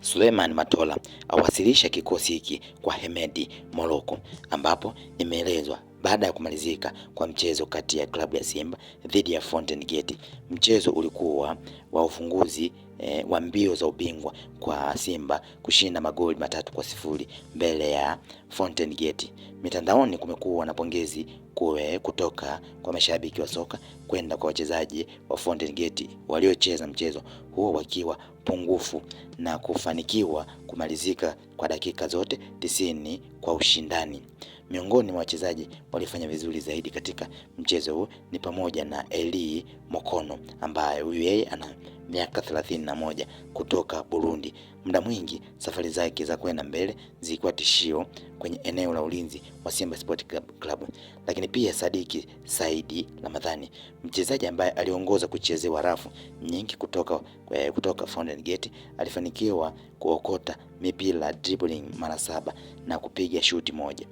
Suleiman Matola awasilisha kikosi hiki kwa Hemedi Morocco, ambapo imeelezwa baada ya kumalizika kwa mchezo kati ya klabu ya Simba dhidi ya Fountain Gate, mchezo ulikuwa wa ufunguzi eh, wa mbio za ubingwa kwa Simba kushinda magoli matatu kwa sifuri mbele ya Fountain Gate. Mitandaoni kumekuwa na pongezi kuwe kutoka kwa mashabiki wa soka kwenda kwa wachezaji wa Fountain Gate waliocheza mchezo huo wakiwa pungufu na kufanikiwa kumalizika kwa dakika zote tisini kwa ushindani. Miongoni mwa wachezaji walifanya vizuri zaidi katika mchezo huu ni pamoja na Eli Mokono ambaye huyu yeye ana miaka 31 kutoka Burundi. Muda mwingi safari zake za kwenda mbele zilikuwa tishio kwenye eneo la ulinzi wa Simba Sport Club. Lakini pia Sadiki Saidi Ramadhani, mchezaji ambaye aliongoza kuchezewa rafu nyingi kutoka, eh, kutoka Fountain Gate, alifanikiwa kuokota mipira dribbling mara saba na kupiga shuti moja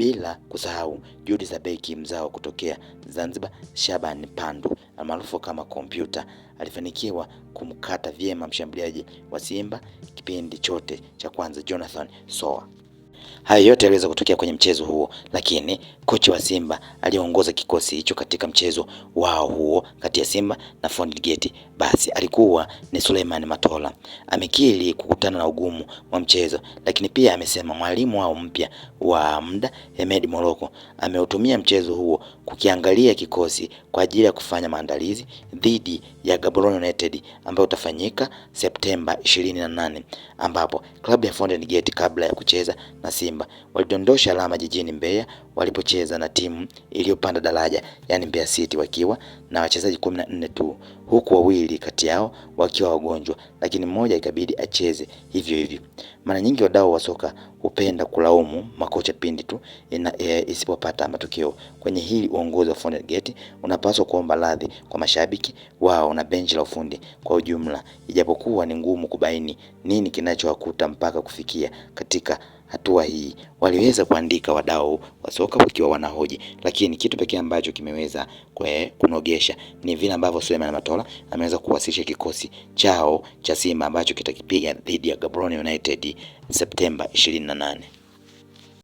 bila kusahau juhudi za beki mzao kutokea Zanzibar Shaban Pandu almaarufu kama Kompyuta alifanikiwa kumkata vyema mshambuliaji wa Simba kipindi chote cha kwanza Jonathan Soa. Hayo yote yaliweza kutokea kwenye mchezo huo, lakini kocha wa Simba aliyeongoza kikosi hicho katika mchezo wao huo kati ya Simba na Fountain basi alikuwa ni Suleiman Matola. Amekiri kukutana na ugumu wa mchezo, lakini pia amesema mwalimu wao mpya wa muda Hemed Moroko ameutumia mchezo huo kukiangalia kikosi kwa ajili ya kufanya maandalizi dhidi ya Gaborone United ambayo utafanyika Septemba 28 ambapo klabu ya Fountain kabla ya kucheza na na Simba walidondosha alama jijini Mbeya walipocheza na timu iliyopanda daraja yani Mbeya City wakiwa na wachezaji 14 tu, huku wawili kati yao wakiwa wagonjwa, lakini mmoja ikabidi acheze hivyo hivyo. Mara nyingi wadau wa soka hupenda kulaumu makocha pindi tu e, isipopata matokeo. Kwenye hili uongozi wa Fountain Gate unapaswa kuomba radhi kwa mashabiki wao na benchi la ufundi kwa ujumla, ijapokuwa ni ngumu kubaini nini kinachowakuta mpaka kufikia katika hatua hii. Waliweza kuandika wadau wa soka wakiwa wanahoji, lakini kitu pekee ambacho kimeweza kwe, kunogesha ni vile ambavyo Suleiman Matola ameweza kuwasilisha kikosi chao cha Simba ambacho kitakipiga dhidi ya Gaborone United Septemba 28.